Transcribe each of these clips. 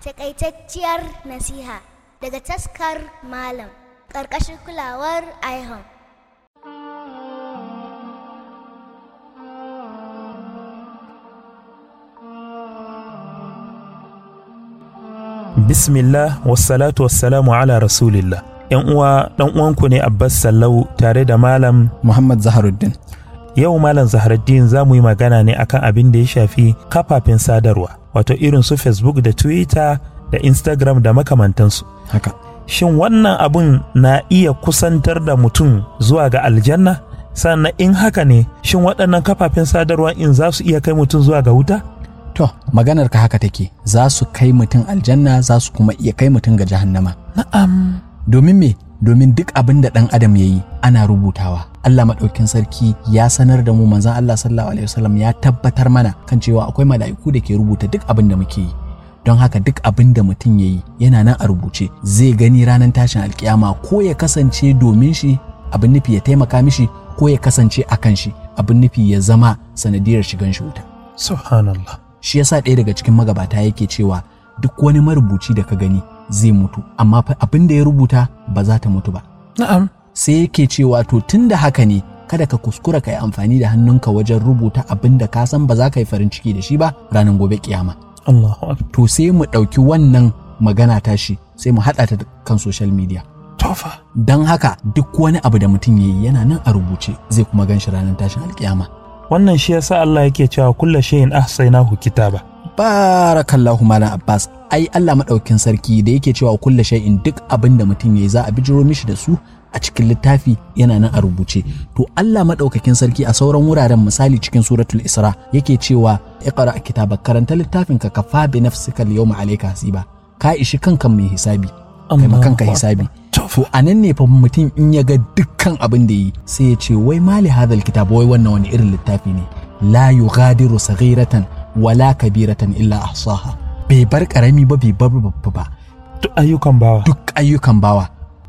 Takaitacciyar nasiha daga taskar Malam ƙarƙashin kulawar IHOM. Bismillah wassalatu wassalamu ala rasulillah. ‘Yan uwa ɗan uwanku ne Abbas Sallau tare da Malam Muhammad Zaharuddin. Yau Malam Zaharaddin za mu yi magana ne akan abin da ya shafi kafafen sadarwa, wato irin su Facebook da Twitter da Instagram da makamantansu. Haka. Shin wannan abun na iya kusantar da mutum zuwa ga aljanna? Sannan in haka ne, shin waɗannan kafafen sadarwa in za su iya kai mutum zuwa ga wuta? To, maganar ka haka take, za su kai mutum aljanna za su kuma iya kai mutum ga jahannama. Na'am. Domin me? Domin duk abin da ɗan adam ya yi ana rubutawa. Allah maɗaukin sarki ya sanar da mu manzon Allah sallallahu alaihi wasallam ya tabbatar mana kan cewa akwai mala'iku da ke rubuta duk abin da muke yi don haka duk abin da mutum ya yi yana nan a rubuce zai gani ranar tashin alkiyama ko ya kasance domin shi abin nufi ya taimaka mishi ko ya kasance a kan shi abin nufi ya zama sanadiyar shigan shi wuta subhanallah shi yasa ɗaya daga cikin magabata yake cewa duk wani marubuci da ka gani zai mutu amma abin da ya rubuta ba za ta mutu ba na'am sai yake cewa to tun da haka ne kada ka kuskura ka yi amfani da hannunka wajen rubuta abin da ka san ba za ka yi farin ciki da shi ba ranar gobe kiyama. To sai mu ɗauki wannan magana tashi sai mu haɗa ta kan social media. Tofa. Don haka duk wani abu da mutum ya yi yana nan a rubuce zai kuma gan shi ranar tashin alkiyama. Wannan shi yasa Allah yake cewa kulla shayin ahsaynahu kitaba. barakallahu malam abbas ai allah maɗaukin sarki da yake cewa kulle shay'in duk abin da mutum ya yi za a bijiro mishi da su a cikin littafi yana nan a rubuce to Allah madaukakin sarki a sauran wuraren misali cikin suratul isra yake cewa iqra kitaba karanta littafin ka kafa bi nafsika al-yawma alayka hasiba ka ishi kanka mai hisabi kai makanka hisabi to a nan ne fa mutum in ya ga dukkan abin da yi sai ya ce wai mali hadal kitab wai wannan wani irin littafi ne la yughadiru saghiratan wala kabiratan illa ahsaha bai bar karami ba bai bar babba ba duk ayyukan bawa duk ayyukan bawa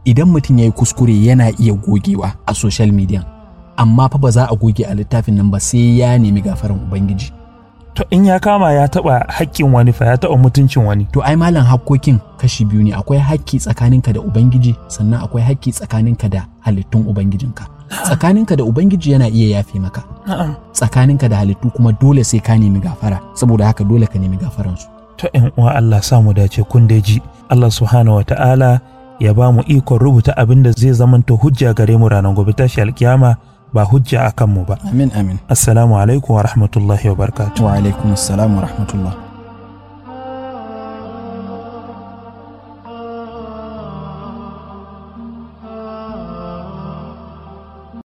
idan mutum ya yi kuskure yana iya gogewa a social media amma fa ba za a goge a littafin nan ba sai ya nemi gafaran ubangiji to in ya kama ya taba haƙƙin wani fa ya taba mutuncin wani to ai malam hakkokin kashi biyu ne akwai haƙƙi tsakaninka da ubangiji sannan akwai haƙƙi tsakaninka da halittun ubangijinka tsakaninka da ubangiji yana iya yafe maka tsakaninka da halittu kuma dole sai ka nemi gafara saboda haka dole ka nemi gafaransu in uwa Allah samu dace kun da ji Allah subhanahu wa ta'ala ya ba mu ikon rubuta abin da zai zamanta hujja gare mu ranar gobe tashi alkiyama ba hujja a kanmu ba. Amin amin. Assalamu alaikum wa rahmatullahi wa barakatuh. Wa alaikum assalam wa rahmatullahi.